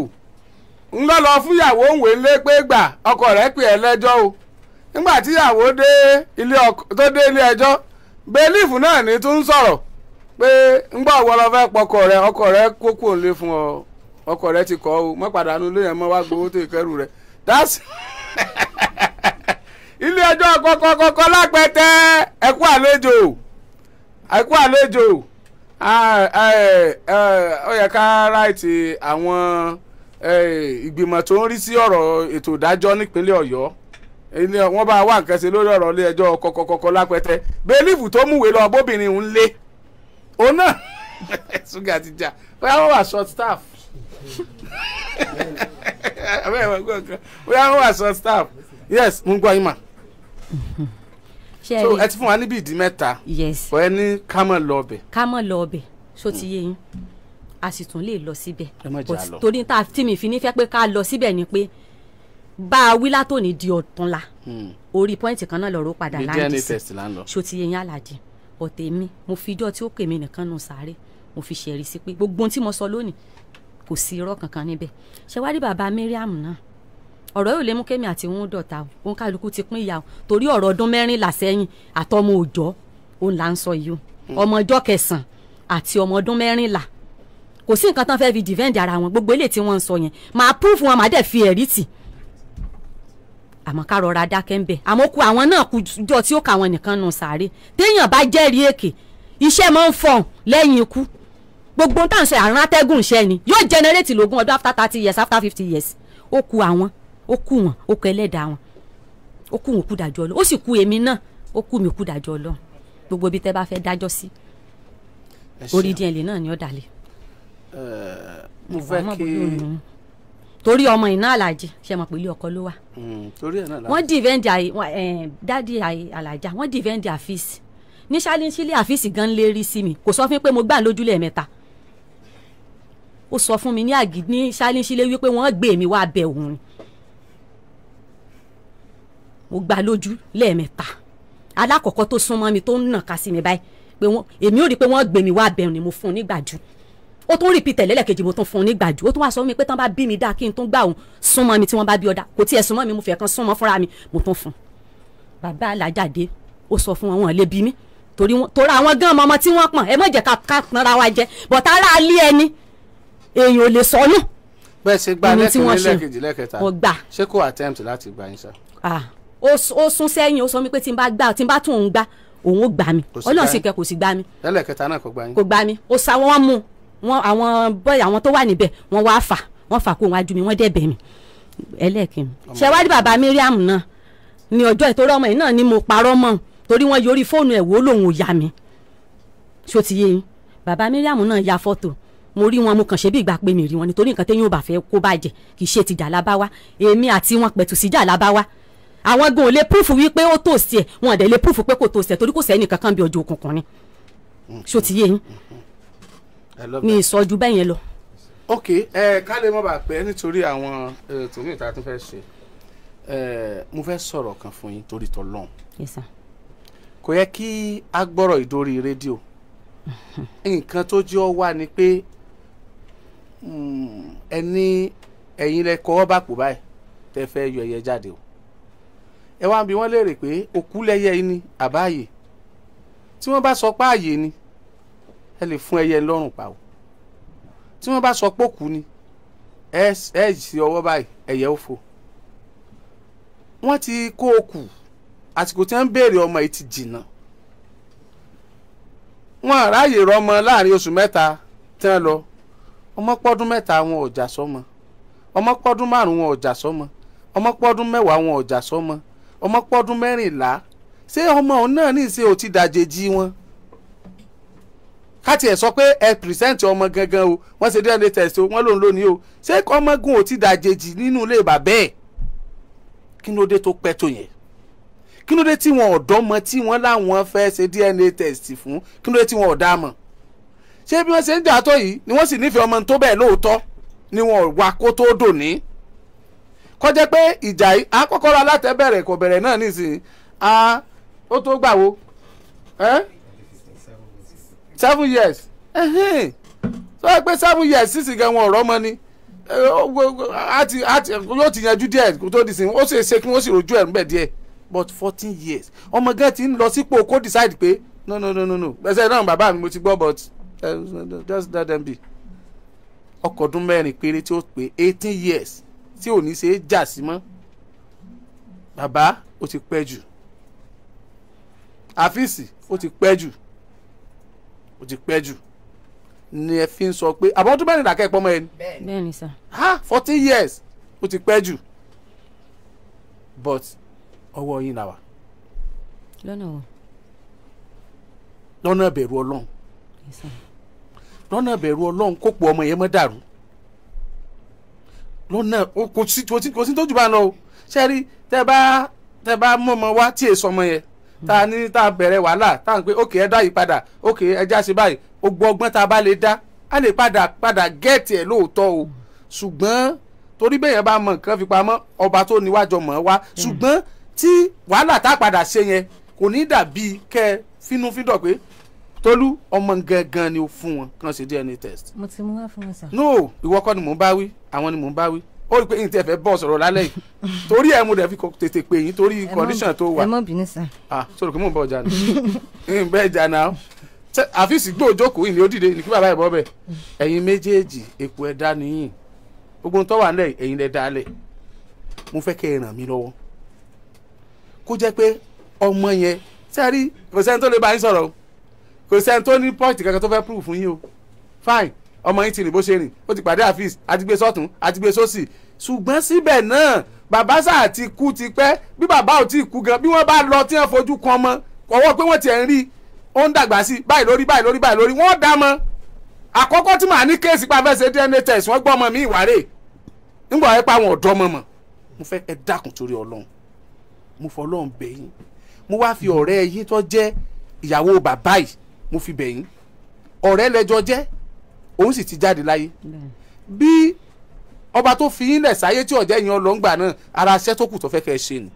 [SPEAKER 2] ń lọ lọ fúnyàwó òǹwé lé pé gbà ọkọ rẹ̀ pè ẹ́ lẹ́jọ́ o nígbà tíyàwó tó dé ilé ẹjọ́ bẹ́líìfù náà ní tún ń sọ̀rọ̀ pé ńgbà wo lọ fẹ́ rẹ ọkọ rẹ kókó ọkọ rẹ ti kọ́ mọ́ padà mọ́ wá gbowó tó [laughs] ẹjọ́ kọ́kọ́kọ́kọ́ lápẹtẹ ẹkú àlejò ẹkú àlejò ó yẹ ká ráìtì àwọn ìgbìmọ̀ tó ń rí sí ọ̀rọ̀ ètò ìdájọ́ nípínlẹ̀ ọ̀yọ́ ilé wọn bá wà nǹkan ṣe lórí ọ̀rọ̀ ilé ẹjọ́ kọ́kọ́kọ́kọ́ lápẹtẹ bẹ́lífù tó múwèé lọ bóbìnrin ń lé òun náà [laughs] ṣúgà ti jà bóyá wọ́n wà short staff [laughs] bóyá wọ́n wà short staff yes mo ń gbọ́ yín mà so ẹ ti fún wa níbi ìdí mẹ́ta ọ̀ ẹ ní ká mọ̀ lọ ọbẹ̀. ká mọ̀ lọ ọbẹ̀ so ti yé yín a sì tún lè
[SPEAKER 1] lọ síbẹ̀ torí tá a mi fi ní fẹ́ pé ká lọ síbẹ̀ ni pé bá a wí látòní di ọ̀tún la hmm. orí pọ́ìntì kan náà lọ́rọ́ padà láǹdì sí so ti yé yín àlàdì ọ̀tẹ̀ mi mo fi ijọ́ tí ó pè mí nìkan nù sáré mo fi ṣẹ̀rí sí pé gbogbo ohun tí mo sọ lónìí kò sí irọ́ kankan níbẹ̀ ṣe wá rí bàbá Mariam náà ọ̀rọ̀ yóò lè mú kémi àti òun dọ̀tá òun kálukú ti pín ìyá o torí ọ̀rọ̀ ọdún mẹ́rìnlá sẹ́yìn àtọmọ òòjọ́ òun là ń sọ yìí o hmm. ọmọ ọjọ́ kẹsàn-án àti ọmọ ọdún mẹ́rìnlá kò sí nǹkan tán fẹ́ fi defend ara wọn gbogbo eléyìí tí wọ́n ń sọ yẹn màá proof wọn màá dẹ̀ fi ẹ̀rí tì àmọ́ ká rọra dákẹ́ ń bẹ̀ àmọ́ ku àwọn náà kújọ tí ó kà wọn nìkan nù sáré téèyàn bá jẹ́rìí èké iṣẹ́ máa ń fọ̀n lẹ́yìn ikú gbogbo tá à sọ àrùn atẹ́gùn iṣẹ́ ni yóò generate lógún ọdún after thirty years after fifty years ó ku àwọn ó kú wọn ó kọ ẹlẹ́dàá wọn ó kú wọn kú dájọ́ ọlọ́run ó sì kú èmi náà ó kú mi kú dájọ́ ọlọ́run gbogbo ibi tẹ́ bá fẹ́ dájọ́ sí orí díẹ̀ lè náà ni ó dalẹ̀. mo fẹ́ kí torí ọmọ iná alájì ṣe mọ̀ pé ilé ọkọ ló wà.
[SPEAKER 2] Hmm, torí ẹ̀ náà la. wọ́n
[SPEAKER 1] dìvẹ́ndì dáàdì alájà wọ́n dìvẹ́ndì àfíìsì ní ṣáléńṣílé àfíìsì gan lè rí sí mi kò sọ fún mi pé mo gbà lójú lẹ́ẹ̀mẹ́ta ó sọ fún mi ní àgídí wípé wọ́n gbé mi wá bẹ̀ òun ni mo gbá lójú lẹ́ẹ̀mẹ́ta alákọ̀ọ́kọ́ tó súnmọ́ mi tó ń nàka sí mi báyìí pé wọ́n èmi ò rí i pé wọ́n gbé mi wá abẹ́rùn ni mo fún un nígbàjú ó tún rí pítẹ̀ lẹ́lẹ́kejì mo tún fún un nígbàjú ó tún wá sọ mi pé tán bá bí mi dáa kí n tún gbà òun súnmọ́ mi tí wọ́n bá bí ọ̀dà kò tiẹ̀ súnmọ́ mi mo fẹ́ kan súnmọ́ fúnra mi mo tún fún un bàbá alájàde ó sọ fún wọn wọn lè bí mi torí àwọn gan ọmọ tí wọ́n pọ̀n ẹ mọ̀ jẹ́ ká tanra wa jẹ bọ̀ tára alẹ́ ẹni
[SPEAKER 2] èèyàn ò lè sọ nù. bẹ́ẹ̀ ṣe gbá lẹ́kùnrin lẹ́kejì lẹ́kẹta ṣé kò attempt láti gbà yín sá. ah
[SPEAKER 1] ó sún sẹ́yìn ó sọ mi pé tí n bá gbà tí n bá tún òun gbà òun ó gbà mí ọlọ́run sì kẹ kò sì gbà mí.
[SPEAKER 2] ẹlẹ́kẹta náà kò gbà yín. kò
[SPEAKER 1] gbà mí ó sa wọ́n mú wọn àwọn bọ́ọ̀yì àwọn tó wà níbẹ̀ wọ́n wá fà wọ́n fà kó wọn ajú mi wọ́n dẹ̀ bẹ̀ mí ẹlẹ́kìn. ṣẹ̀wádìí bàbá Mariam náà ní ọjọ́ ìtòrọ ọmọ yìí náà ni mo parọ́ mọ́ torí wọ́n yorí fóònù ẹ̀ wò lòun ò yá mi ṣó ti yé yín bàbá Mariam náà ya fọ́tò mo rí wọn mo kàn ṣe bí ìgbà pé mi rí wọn nítorí nǹkan téyìn ò bá fẹ́ kó bàjẹ́ kì í ṣe ti jà lábáwá èmi àti wọn pẹ̀tù sí jà lábáwá àwọn gan ò lè proof wípé ó tòsí ẹ wọn ò dẹ̀ lè proof pé kò tòsí ẹ torí kò sẹ́ni kankan bí ọjọ́ òkùnkùn ni ṣó ti yé yín ni ìsọjú bẹ́ẹ̀ yẹn lọ.
[SPEAKER 2] ok ẹ ká lè mọ̀ bá pẹ́ nítorí àwọn tòmí ìta tó fẹ́ ṣe mo fẹ́ sọ̀rọ̀ kan fún yín torí tọ́lọ́hún kò yẹ kí a gbọ́rọ̀ ìdórí rédíò nǹkan tó jẹ́ ọ wá ni pé hmm, ẹni ẹ̀yin lẹ kọ́ ọ bá pò báyìí tẹ́ fẹ́ yọ ẹyẹ jáde o ẹ wá ń bi wọ́n léèrè pé òkú lẹ́yẹ yìí ni àbáyé tí wọ́n bá sọ pé àyè ni ẹ lè fún ẹyẹ lọ́rùn pa o tí wọ́n bá sọ pé òkú ni ẹ ẹ sí ọwọ́ báyìí ẹyẹ ó fò ti kó o kù àsìkò tí wọ́n ń béèrè ọmọ yìí ti jìnnà wọn àráyè rọmọ láàrin oṣù mẹ́ta tí wọ́n lọ ọmọ pọ́dún mẹ́ta wọn ò jà sọ́mọ ọmọ pọ́dún márùn wọn ò jà sọ́mọ ọmọ pọ́dún mẹ́wàá wọn ò jà sọ́mọ ọmọ pọ́dún mẹ́rìnlá ṣé ọmọ òun náà ní ìṣe òtí dàjèjì wọn káti ẹ̀ sọ pé ẹ pìrìsẹ́ǹtì ọmọ gangan o wọ́n ṣe dna test o wọ́n lòun lónìí o ṣé ọmọgun òtí dàjèjì nínú ilé bàbá ẹ̀ kí ló dé tó pẹ́ tó yẹn kí ló dé tí wọn ọ̀dọ́ mọ tí wọ́n láwọn fẹ́ ṣe dna test fún kí ló dé tí wọn ọ̀dá mọ̀ ṣé bí wọ́n ṣe ń dàtọ̀ yìí ni wọ́n sì nífẹ̀ẹ́ ọmọ tó bẹ́ẹ̀ lóòótọ́ ni wọn ò wá kó tó dò ní kọjá pé ìjà yìí akọ́kọ́rọ́ alátẹ̀bẹ̀rẹ̀ kò bẹ̀rẹ̀ náà nísìnyí a ó tó gbà wo seven years tó yẹ pé seven years sísìn gan wọn ọ̀rọ̀ mọ́ ni yóò ti yanjú díẹ̀ kó tó di sin ó sì ṣe kí wọ́n sì rojú ẹ̀ ń bẹ̀ díẹ̀ but fourteen years ọmọ gan ti ń lọ sípò kó decide pé no no no no no ẹsẹ̀ náà bàbá mi mo ti gbọ́ but eh, just let them be ọkọ̀ ọdún mẹ́rin péré tí ó pé eighteen years tí ò ní ṣe é jà sí mọ́ bàbá ó ti pẹ́ jù àfíìsì ó ti pẹ́ jù ó ti pẹ́ jù ni ẹ fi ń sọ pé àbọ̀ ọdún mẹ́rin dàkẹ́ pọ́nmọ́ ẹni. bẹ́ẹ̀ni sà. ha ah, fourteen years ó ti pẹ́ jù but ọwọ́ yín là wà. lọ́nà wo. lọ́nà bẹ̀rù ọlọ́run lọ́nà bẹ̀rù ọlọ́run kó pọ̀ ọmọ yẹn mọ́ dàrú lọ́nà kò sí kò sí tójú bá lọ o ṣe rí tẹ bá tẹ bá mọ̀mọ́ wá tí èso ọmọ yẹn tá a ní tá a bẹ̀rẹ̀ wàhálà tá à ń pé òkè ẹ dá yìí padà òkè ẹja ṣe báyìí o gbọ́ ọgbọ́n tá a bá lè dá a lè padà padà gẹ́ẹ̀tì ẹ̀ lóòótọ́ o ṣùgbọ́n torí bẹ́ẹ̀ yẹn bá mọ nǹkan fi pamọ́ ọba tó níwájọ mọ̀ wá ṣùgbọ́n tí wàhálà tá a padà ṣe yẹn kò ní dàbí kẹ́ fínúfíndọ̀ pé tolú ọmọ gangan ni o fún wọn kàn ṣe DNA test. mo ti mú wá fún wọn sir. no ìwọ kọ́ ni mò ń bá wí àwọn ni mò ń bá wí ó rí i pé n tẹ fẹ́ bọ sọ̀rọ̀ lálẹ́ yìí [laughs] torí ẹ mo dẹ fi tètè pè yín torí condition tó wà. ẹ mọ bínú sir. ah sọ̀rọ̀ kí mò ń bọ̀ jà náà n bẹ jà náà àfíìsì gbọ́ òjókòó ìní ó dìde ní kí bàbá ìbọn bẹ ẹ̀yin méjèèjì èkó ẹ dá nìyín gbogbo tó wà lẹ́yìn ẹ̀yin lẹ dá lẹ mo fẹ́ kẹ́ ẹ ràn mí kò sẹ́ni tó ní point kankan tó fẹ́ prove fún yín o fine ọmọ yín ti rìn bó ṣe rìn ó ti pàdé àfíìs àti gbé sọ́tún àti gbé sósì ṣùgbọ́n síbẹ̀ náà bàbá sáà ti kú ti pẹ́ bí bàbá ò tí ì kú gan bí wọ́n bá lọ tí wọ́n fojú kan mọ́ ọwọ́ pé wọ́n tiẹ̀ ń rí ó ń dàgbà sí báyìí lórí báyìí lórí báyìí lórí wọ́n dá mọ́ àkọ́kọ́ tí màá ní kéèsì pa fẹ́ ṣe dna test wọ́n gbọ́ ọmọ mi ìwárè nígbà wípé àwọn ọ̀dọ́ ọmọ mọ̀ mo fẹ́ ẹ dákun torí ọlọ́run mo fọ ọlọ́run bẹ̀ yín mo wá fi ọ̀rẹ́ yín tó jẹ́ ìyàwó bàbá yìí mo fi bẹ̀yìn ọ̀rẹ́ lẹ́jọ́ jẹ́ òun sì ti jáde láyé bí ọba tó fi yín lẹ̀ sáyé tí ọ̀jẹ́ yẹn ọlọ́ngbà náà ara aṣẹ́ tó kù tó fẹ́ kẹ́ ẹ ṣe ni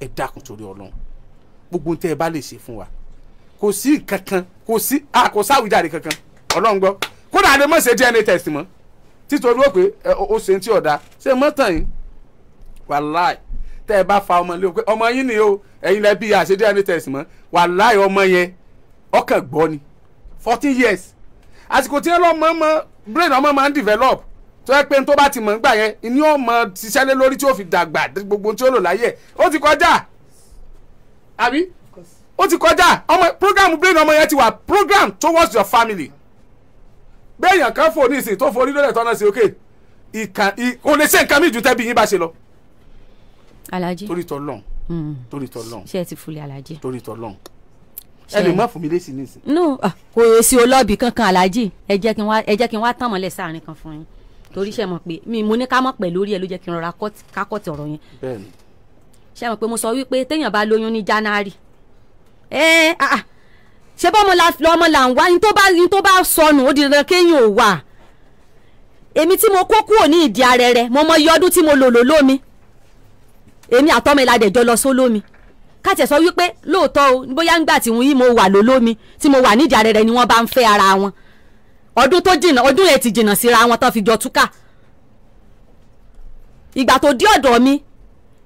[SPEAKER 2] ẹ dákun torí ọlọ́run gbogbo tẹ́ ẹ bá lè ṣe fún wa kò sí kankan kò sí a kò sáwìjàre kankan ọlọ́run gbọ́ kódà a lè mọ̀ ṣe DNA test mọ́ títorí ó pé ó ṣe ti ọ̀dà ṣe mọ́ tàn yín wàláì tẹ́ ẹ bá fa ọmọ lé ọmọ yín ni o ẹ̀yin lẹ́ bí a ṣe DNA test mọ́ wàláì ọmọ yẹn ọkàn gbọ́ ni fourteen years àsìkò tí wọ́n mọ̀ mọ́ brain ọmọ máa ń develop tó yẹ pé tó bá ti mọ̀ nígbà yẹn ni ó mọ ṣiṣẹ́ lé lórí tí ó fi dàgbà gbogbo tí ó lò láyé ó ti kọjá àbí ó ti kọjá ọmọ program brain ọmọ yẹn ti wà program towards your family bẹ́ẹ̀yàn kan fò ní ìsìn tó forí lọ́lẹ̀ tọ́nà sí òkè ìkà ò lè ṣe nǹkan mi jù tẹ́bí yín bá ṣe lọ. Alhaji torí tọ́ lọ́n mm. torí tọ́ lọ́n ṣé ẹ ti fúlẹ̀ Alhaji torí lọ́n ẹ lè má fún nísìn.
[SPEAKER 1] no ah, kò sí olóòbí kankan aláàjì ẹ jẹ́ kí n wá ẹ jẹ́ kí n wá tàn mọ́lẹ̀ sáàrin kan fún yín torí ṣe mọ̀ pé mi mo ní ká mọ̀ pẹ̀ lórí ẹ ló jẹ́ kí n rọra kákọ́tì ọ̀rọ̀ yẹn. ṣe mọ̀ pé mo sọ wípé téèyàn bá lóyún ní january ẹ ah, ah ṣe bọ́mọ la lọ́mọ là ń wá ní tó bá ní tó bá sọnù ó di dandan kéèyàn ò wà èmi tí mo kó kúrò ní ìdí arẹrẹ mo mọ iye ọdún tí mo lò lò lómi èmi àtọ́mọ ìlàdẹ̀jọ lọ sólómi káàtì sọ wípé lóòótọ́ o bóyá ńgbà tí wọn yìí mo wà lólómi tí mo wà nídìí arẹrẹ ni wọ́n bá ń fẹ́ ara wọn ọdún tó jìnnà ọdún yẹn ti jìnnà síra wọn tán fi jọ túkà ìgbà tó dé ọ̀dọ̀ mi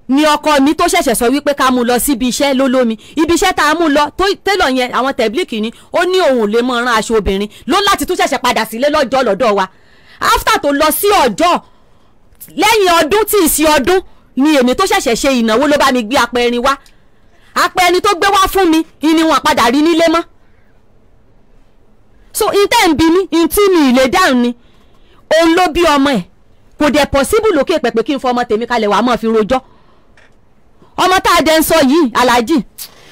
[SPEAKER 1] ni ọkọ mi tó ṣẹ̀ṣẹ̀ sọ wípé ká mú lọ síbi iṣẹ́ lólómi ibi iṣẹ́ tá a mú lọ tó télọ̀ yẹn àwọn tẹ̀blíkì ni ó ní òun ò lè mọ ran aṣọ obìnrin ló láti tún ṣẹ̀ṣẹ̀ padà sílé lọ́jọ́ lọ́dọ̀ wa after tó lọ sí ọjọ́ lẹ́yìn ọdún tí ì sí ọdún ni èmi tó ṣẹ̀ṣẹ̀ ṣe ìnáwó ló bá mi gbé apẹ̀rin wá apẹ ẹni tó gbé wá fún mi ìní wọn padà rí nílé mọ́ so ìtẹ́ ń bi mí ìtí mi ìlè dáhùn ni òun ló bí ọmọ ẹ̀ kò dẹ̀ pọ̀síbù lókè pẹ̀pẹ̀ kí n fọ ọmọ tèmi kalẹ̀ wàá mọ̀ fi rojọ́ ọmọ tá a dẹ̀ ń sọ yìí aláàjì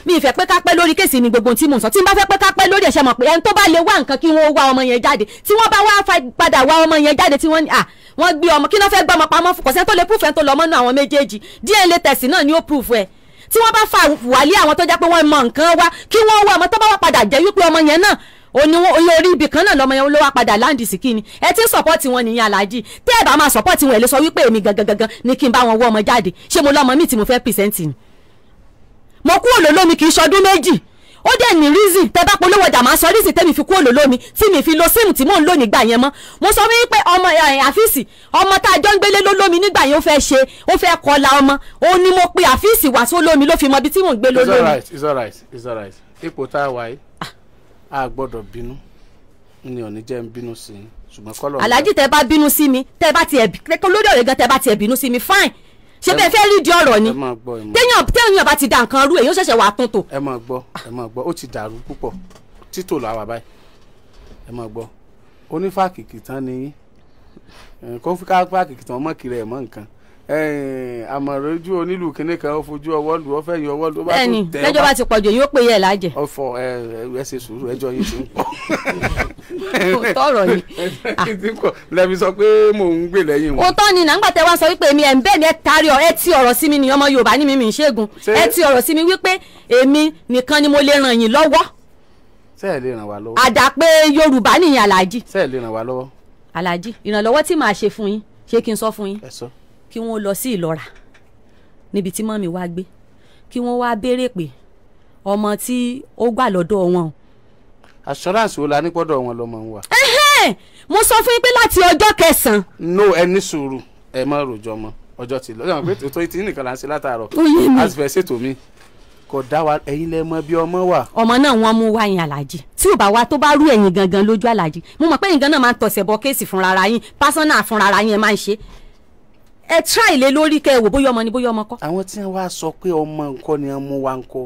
[SPEAKER 1] mi ìfẹ́ pé ká pẹ́ lórí kéèsì ni gbogbo tí mò ń sọ tí n bá fẹ́ pé ká pẹ́ lórí ẹ̀ṣẹ̀ mọ̀ pé ẹni tó bá lè wá nǹkan kí wọ́n wá ọmọ yẹn jáde tí wọ́n bá wá padà wá ọmọ yẹn jáde tí wọ́n ní à wọ́n gbé ọmọ kí ló fẹ́ gbọ́ pamọ́ fún kọ̀sẹ́ tó lè proof ẹ̀ tó lọ́mọ́nú àwọn méjèèjì DNA test náà ni ó proof ẹ̀ tí wọ́n bá fa wàlí àwọn tó jẹ́ pé wọ́n mọ nǹkan wá kí wọ́n wá ọmọ tó bá wá padà jẹ́ wípé ọmọ yẹn náà oní oye orí ibì kan náà lọmọ yẹn ló wá padà láǹdì sí kíni ẹ ti ń sọpọ́ọ̀tì wọn nìyẹn aláàjì tẹ́ ẹ bá máa sọpọ́ọ̀tì wọn ẹ lè sọ wípé èmi gangan ni kí n bá wọn wọ ọmọ jáde ṣé mo lọ́mọ mi tí mo fẹ́ pìsẹ́ǹtì ni mo kúrò lólómi kì í ṣọdún méjì ó dẹ̀ ní reason tẹ́ bá polówó ọjà máa sọ reason tẹ́mi fi kú òlòló tí mi fi lo sim tí mò ń lò nígbà yẹn mọ́ mo sọ fún yín pé ọmọ àfíìsì ọmọ tá a jọ ń gbélé ló nígbà yẹn ó fẹ́ ṣe ó fẹ́ kọlà ọmọ òun ni mo pe àfíìsì wá sí olómi ló fi mọ ibi tí mò ń gbé ló lómi.
[SPEAKER 2] it's alright it's alright ipò tá a wà yìí ah. a gbọ́dọ̀ bínú ni ò ní jẹ́ ń bínú sí i ṣùgbọ́n kọ́lọ̀. aláàjì
[SPEAKER 1] tẹ́ bá bínú sí mi tẹ́ bá bá tiẹ̀ bínú sí mi fine ṣé bẹ́ẹ̀ fẹ́ rí di ọ̀rọ̀ ni
[SPEAKER 2] téèyàn téèyàn bá ti da nǹkan rú èyàn ṣẹ̀ṣẹ̀ wà tuntun. ẹ máa gbọ́ ẹ máa gbọ́ ó ti dàrú púpọ̀ títò làwà báyìí ẹ máa gbọ́ onífàkìkì tán ni kó fíkà fàkìkì tán mọ́ kiri ẹ̀ mọ́ nǹkan àmọ̀ràn ojú onílù kínní kan ó fojú ọwọ́ lù ọ́ fẹ́yìn ọwọ́ ló bá tó tẹ̀ ọ́ bẹ́ẹ̀ni lẹ́jọ́ bá ti pọ̀jù yóò pè yẹ lájẹ. ọfọ ẹ ẹ ṣe sùúrù ẹjọ́ yìí [laughs] ti ń pọ̀. kò tọrọ ni. lẹ́mi sọ pé mò ń gbè lẹ́yìn wọn.
[SPEAKER 1] òótọ́ ni nàǹgbà tẹ wá sọ wípé èmi ẹ̀ ń bẹ́ẹ̀ ni ẹ taari ọ ẹ ti ọ̀rọ̀ sí mi ni ọmọ Yorùbá ni mi mi ń ṣẹ́gun ẹ ti ọ̀rọ̀ sí mi wípé èmi nìkan ni mo lè ràn yín lọ́wọ́.
[SPEAKER 2] sẹ́ẹ̀ lè ràn wá lọ́wọ́.
[SPEAKER 1] àdàpé Yorùbá nìyẹn aláàjì. sẹ́ẹ̀ lè ràn wá lọ́wọ́. aláàjì ìrànlọ́wọ́ tí màá ṣe fún yín ṣé kí n sọ fún yín. ẹ sọ kí wọ́n lọ sí ìlọ́ra níbi tí mọ́mi wá gbé kí wọ́n wá béèrè pé ọmọ tí ó gbà lọ́dọ̀ wọn.
[SPEAKER 2] assurance wo la ní gbọ́dọ̀ wọn lọ́mọ wa. mo sọ fún yín pé láti ọjọ́ kẹsàn-án. no ẹ ní sùúrù ẹ má rojọ́ mọ́ ọjọ́ ti lọ ẹ mọ̀ pé tòótọ́ ìtì nìkan là ń ṣe látàárọ̀ asifẹ ṣètò mi kò dá wa ẹ̀yin lẹ mọ̀ bí ọmọ wà.
[SPEAKER 1] ọmọ náà wọ́n mú wá yín tí ò bá wa tó bá rú ẹ̀yin gangan lójú aláàjì mo mọ̀ pé ẹ̀yin gan náà máa ń tọ̀sẹ̀ bọ kéèsì fúnra ara yín pásánà
[SPEAKER 2] fúnra ara yín ẹ máa ń ṣe ẹ try lé lórí kẹ wò bóyá ọmọ ni bóyá ọmọ kọ́. àwọn tí wọn wá sọ pé ọmọ nǹkan ni wọn mú wa ń kọ.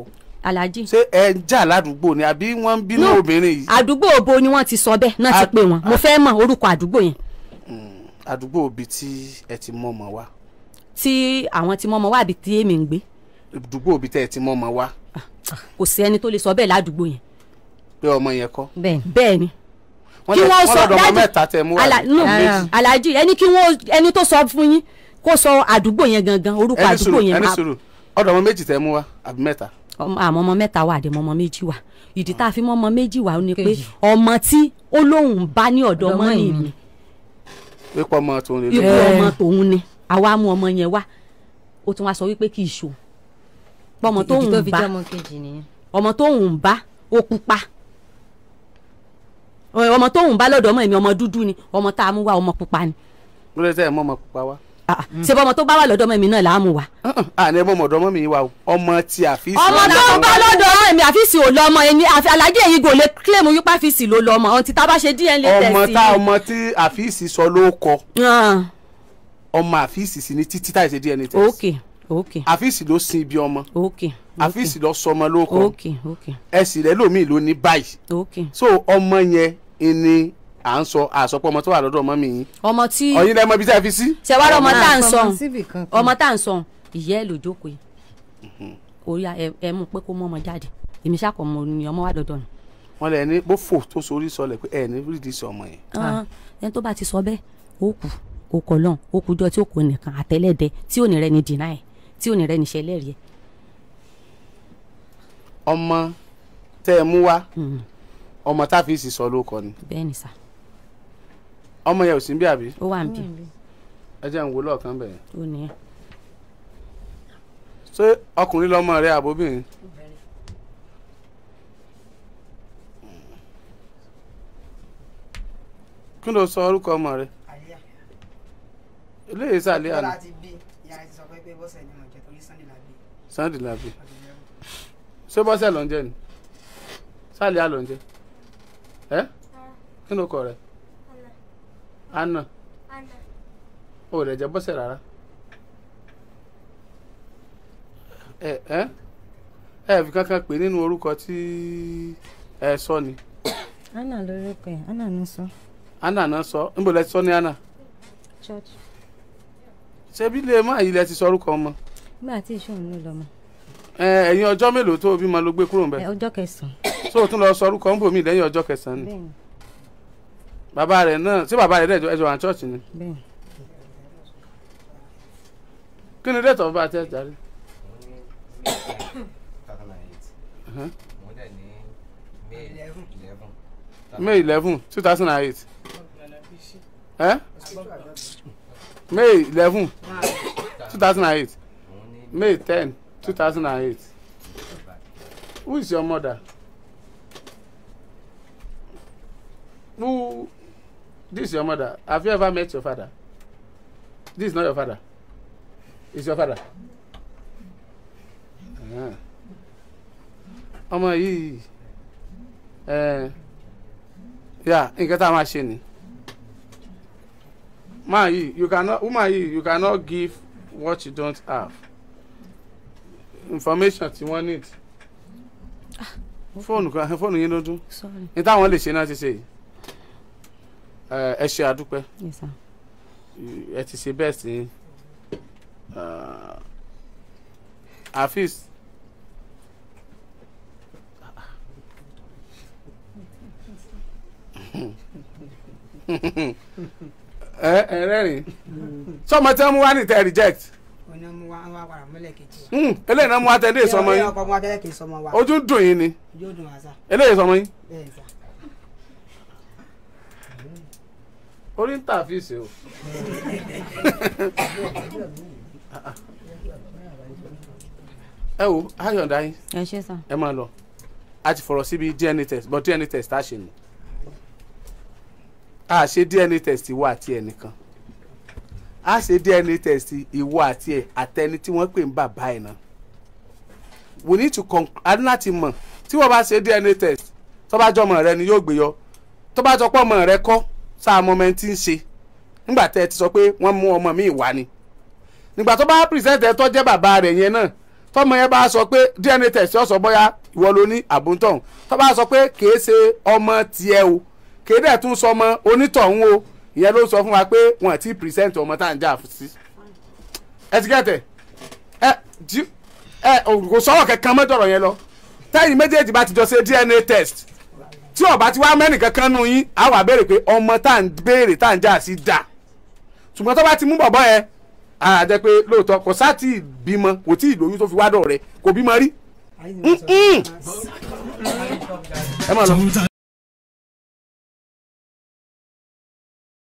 [SPEAKER 2] alhaji ṣé ẹ ń jà ládùúgbò ni àbí wọn ń bínú obìnrin yìí. àdúgbò òbo ni wọn ti sọ bẹ́ẹ̀ náà ti pè wọn mo fẹ́ mọ orúkọ àdúgbò yẹn. Hmm, àdúgbò òbí tí ẹ ti mọ ọmọ wa. tí àwọn ti mọ ọmọ wa àbí tí èmi ń gbé. àdúgbò òbí tẹ ẹ ti mọ ọmọ wa. Ah,
[SPEAKER 1] ah, kò sí ẹni tó lè sọ bẹ́ẹ̀ ládùúgbò yẹn.
[SPEAKER 2] pé ọmọ yẹn kọ́. kí wọ́n sọ dájú
[SPEAKER 1] alaji ẹni kí wọ́n ẹni tó sọ fún yín kó sọ àdúgbò yẹn gangan orúkọ àdúgbò yẹn máa.
[SPEAKER 2] ọ̀dọ̀ ọmọ méjì tẹ́ mú wa àbí mẹ́ta.
[SPEAKER 1] àmọ́ ọmọ mẹ́ta wà àdèmọ́ ọmọ méjì wà ìdí tá a fi mọ́ ọmọ méjì wà ó ní pé ọmọ tí ó lóun bá ní ọ̀dọ̀ ọmọ yìí ni.
[SPEAKER 2] ikú ọmọ tòun ni. ikú ọmọ
[SPEAKER 1] tòun ni àwa mú ọmọ yẹn wá ó tún wá sọ wípé kì í ṣo ọmọ tóun bá ọmọ tóun bá ó pupa ọmọ tóun bá lọ́dọ̀ ọmọ mi ọmọ dúdú ni ọmọ tá a mú wá ọmọ pupa ni.
[SPEAKER 2] lórí ẹsẹ̀ ẹ̀ mọ́ ọmọ pupa wá. Ah, ah. ṣe bọ́ ọmọ tó bá wà lọ́dọ̀ ọmọ mi náà láàmú wa. àní ah, ẹ bọ́ ọmọ ọ̀dọ́ ọmọ mi wa o ọmọ ti àfíìsì. ọmọ tó ń bá lọ́dọ̀ ọmọ mi àfíìsì ò lọ ọmọ ẹni alájẹ yìí gò lè
[SPEAKER 1] kílèmù yípa àfíìsì ló lọ ọmọ ọtí tá ṣe dna test. ọmọ tá ọmọ
[SPEAKER 2] tí àfíìsì sọ ló kọ ọmọ àfíìsì sí ni títí tá a ṣe dna test. ok ok àfíìsì ló sin ibi ọmọ. ok àfíìsì lọ sọmọ ló kọ. ok ok ẹsìn rẹ lómi ló ní báyìí. so ọmọ yẹn ni à ń sọ àsọpọ̀ ọmọ tó wà lọ́dọ̀ ọmọ mi yìí. ọmọ tí
[SPEAKER 1] ọyìn lẹ́mọ ibi tí a fi sí. ṣẹ̀wá ọmọ tá à ń sọ ọmọ tá à ń sọ ìyá ló jókòó orí ẹ mú pé kó mọ́ ọmọ jáde èmi ṣàkọ mọ ni ọmọ wà dọ̀dọ̀ ni.
[SPEAKER 2] wọn lẹ ní bó fò tó sorí sọlẹ pé ẹ ní rídìí sí ọmọ yẹn.
[SPEAKER 1] Ah, ẹni tó bá ti sọ bẹ́ẹ̀ ó kù ó kọ lọ́n ó kú jọ tí ó kò nìkan àtẹ́lẹ́dẹ tí ò rẹ ni dìnnà ẹ̀ tí ò rẹ ni ṣẹlẹ̀ rí
[SPEAKER 2] ẹ. ọmọ tẹ ẹ mú wá hmm. ọmọ táfi sì sọ ló kọ ni. bẹ́ẹ̀ni sá ọmọ yẹn ò sí bí àbí. ó wà níbí. ẹ jẹ́ ń wo lọ́ọ̀kan bẹ̀rẹ̀. ó ní ẹ. ṣé ọkùnrin lọmọ rẹ àbóbìnrin. kí ló sọ orúkọ ọmọ rẹ. ilé yìí sàlẹ̀ àná. sunday labi. ṣé bọ́sẹ̀ ló ń jẹ ni sàlẹ̀ àlọ́ ń jẹ. ẹ kí ló kọ rẹ. Anna. Anna. Oh, dah jabat saya eh Ẹ ẹ ẹ kankan pe ninu oruko ti e so ni.
[SPEAKER 1] Anna lórúkọ ẹ̀ Anna náà so
[SPEAKER 2] Anna na so níbo lẹ so ni ní Anna. Church. Ṣebí lè má yìí lẹ ti so oruko mo
[SPEAKER 1] Nígbà ati ìṣòro ló lọ
[SPEAKER 2] mọ. Ẹ̀yin ọjọ́ mélòó tó o bímọ ló gbé kúrò ń bẹ̀.
[SPEAKER 1] Ọjọ́ kẹsàn-án.
[SPEAKER 2] Sọ o tún lọ sọ orúkọ ń bòmí lẹ́yìn ọjọ́ kẹsàn ni. Bẹ́ẹ̀ni. bàbá rẹ̀ náà ṣé bàbá rẹ̀ dẹ̀ ẹjọ́ wà ní church ni. kí ni date of birth ẹ jàre. May eleven two thousand and eight. May eleven two thousand and eight. May ten two thousand and eight. Who is your mother? Who This is your mother. Have you ever met your father? This is not your father. It's your father. Ah. Ọmọ yìí eh, yà nǹkan tá a máa ṣe ni. Ma yìí you cannot woman you cannot give what you don't have. Information tí wọ́n need. Fóònù kan fóònù yín ló dún. Ní táwọn lè ṣe náà say ṣe ẹ ṣe àdúpẹ́ ẹ ti ṣe bẹ́ẹ̀ sí afis ẹ ẹ rẹ́rìn sọmọ tí wọ́n mú wá ní tẹ́ reject hmm, eléyìí náà mú wa tẹ́ ilé ìsọmọ yín ojú dùn yín ni eléyìí sọmọ yín orí ń tà fíìsì o. ẹ wo ayọ̀dá yín ẹ máa lọ a ti fọ̀rọ̀ síbi dna test but dna test a ṣe nù a ṣe dna test ìwọ àti ẹnìkan a ṣe dna test ìwọ àti ẹ àtẹni tí wọ́n pè ń bàbá ẹ̀ náà we need to con, a ní láti mọ̀ tí wọ́n bá ṣe dna test tó bá jọmọ rẹ ni yóò gbé yọ tó pọ̀ mọ̀ rẹ kọ́ sáà mọ ọmọ ẹni tí ń ṣe nígbà tẹ́ ẹ ti sọ pé wọ́n mú ọmọ mi wá ni nígbà tó bá present ẹ tó jẹ́ bàbá rẹ̀ yẹn náà tọmọ yẹn bá sọ pé DNA test ọ̀sọ̀ bóyá ìwọ ló ní àbúntọ̀hún tó bá sọ pé kèé ṣe ọmọ tiẹ̀ o kèé dẹ̀ tún sọmọ onítọ̀hún o ìyẹn ló sọ fún wa pé wọn ti present ọmọ tá à ń jà sí. ẹ ti gẹ̀tẹ̀ ẹ ẹ kò sọ̀rọ̀ kankan mọ́jọ̀rọ̀ yẹn lọ tẹ́yìn méjèèjì bá ti jọ ṣe DNA test tí ọba ti wá mẹ́nìkan kan nù yín á wà béèrè pé ọmọ tá à ń béèrè tá à ń jà sí dà ṣùgbọ́n tó bá ti mú bọ̀bọ́ yẹn á pé lóòótọ́ kò sá tí ì bímọ kò tí ì lóyún tó fi wá dọ̀ rẹ̀ kò bímọ rí.